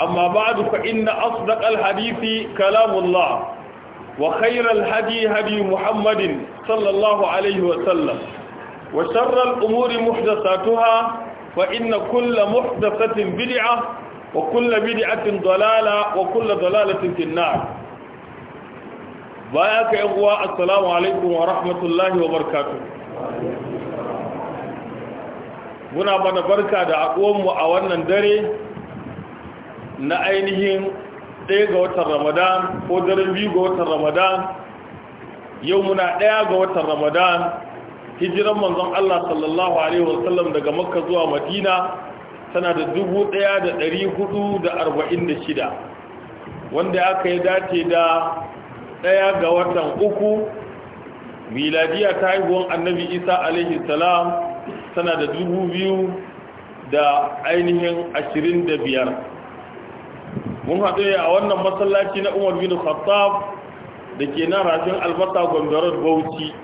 أما بعد فإن أصدق الحديث كلام الله وخير الهدي هدي محمد صلى الله عليه وسلم وشر الأمور محدثاتها فإن كل محدثة بدعة وكل بدعة ضلالة وكل ضلالة في النار بايك إخوة السلام عليكم ورحمة الله وبركاته muna bada barka da mu a wannan dare na ainihin ɗaya ga watan ramadan ko daren biyu ga watan ramadan yau muna ɗaya ga watan ramadan hijiran manzon Allah sallallahu alaihi wasallam daga makka zuwa madina tana da dubu ɗaya da ɗari hudu da arba'in da shida wanda aka yi dace da ɗaya ga watan uku miladiya ta haihuwan annabi isa alaihi salam tana da dubu biyu da ainihin ashirin da biyar mun haɗu a wannan masallaci na umar bin khattab da ke nan rafin albasa gwambarar bauchi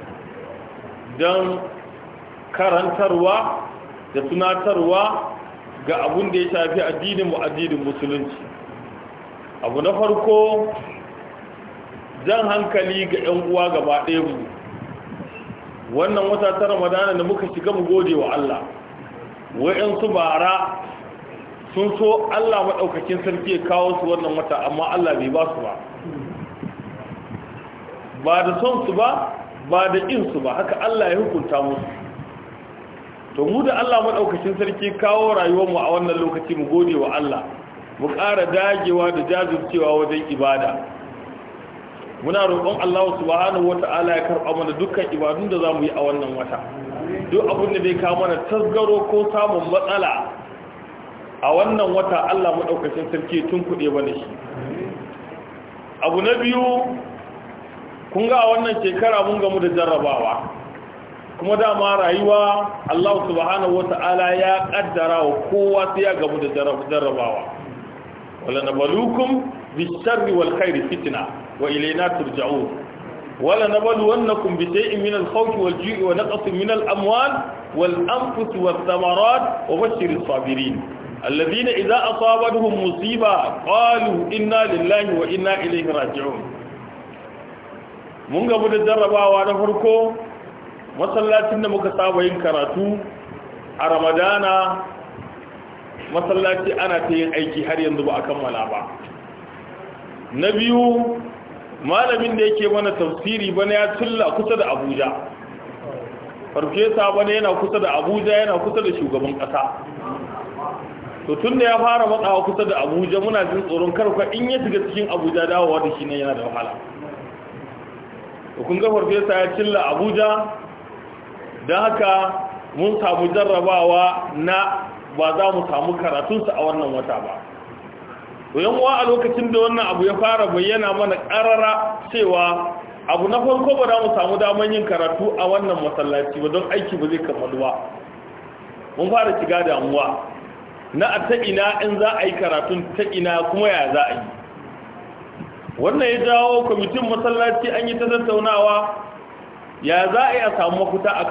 don karantarwa da tunatarwa ga abun da ya shafi addinin addinin musulunci abu na farko jan hankali ga 'yan uwa gaba ɗaya mu wannan wata ta ramadana da muka shiga mu gode wa Allah wa'yansu bara sun so Allah maɗaukakin sarki ya kawo su wannan wata amma Allah bai ba su ba ba da son su ba ba da in su ba haka Allah ya hukunta musu to mu da Allah maɗaukakin sarki kawo rayuwarmu a wannan lokaci mu gode wa Allah mu ƙara dagewa da jajircewa wajen ibada muna roƙon Allah subhanahu ta'ala ya karɓa mana dukkan ibadun da zamu yi a wannan wata duk abin da bai kawo mana tasgaro ko samun matsala a wannan wata Allah maɗaukacin sarki tun kuɗe wani shi abu na biyu kun ga a wannan shekara mun gamu da jarrabawa kuma dama rayuwa Allah subhanahu wa ta'ala ya ƙaddara wa kowa sai ya gamu da jarrabawa wala na balukum bisharri wal khairi fitina, wa ilaina turja'u. wala na baluwannakum bi shay'in in al-khawfi wal wa naqsin min amwal wal anfus was wa bashirin as-sabirin allazina idza asabatuhum musiba qalu inna lillahi wa inna raji'un mun gamu da jarrabawa na farko masallacin da muka saba yin karatu a ramadana masallaci ana ta yin aiki har yanzu ba a kammala ba na biyu malamin da yake mana tafsiri bana ya tulla kusa da abuja farfesa bana yana kusa da abuja yana kusa da shugaban ƙasa to tun da ya fara matsawa kusa da abuja muna jin tsoron karfa in ya shiga cikin abuja dawowa da shi ne yana da wahala to kun ga farfesa ya cilla abuja Da haka mun samu jarrabawa na ba za mu samu karatunsa a wannan wata ba to yanwa a lokacin da wannan abu ya fara bayyana mana karara cewa abu na farko ba za mu samu daman yin karatu a wannan masallaci ba don aiki ba zai kammalu ba mun fara shiga damuwa na a ta ina in za a yi karatun ta ina kuma ya za a yi wannan ya jawo kwamitin masallaci an yi ta tattaunawa ya za a yi a samu mafuta a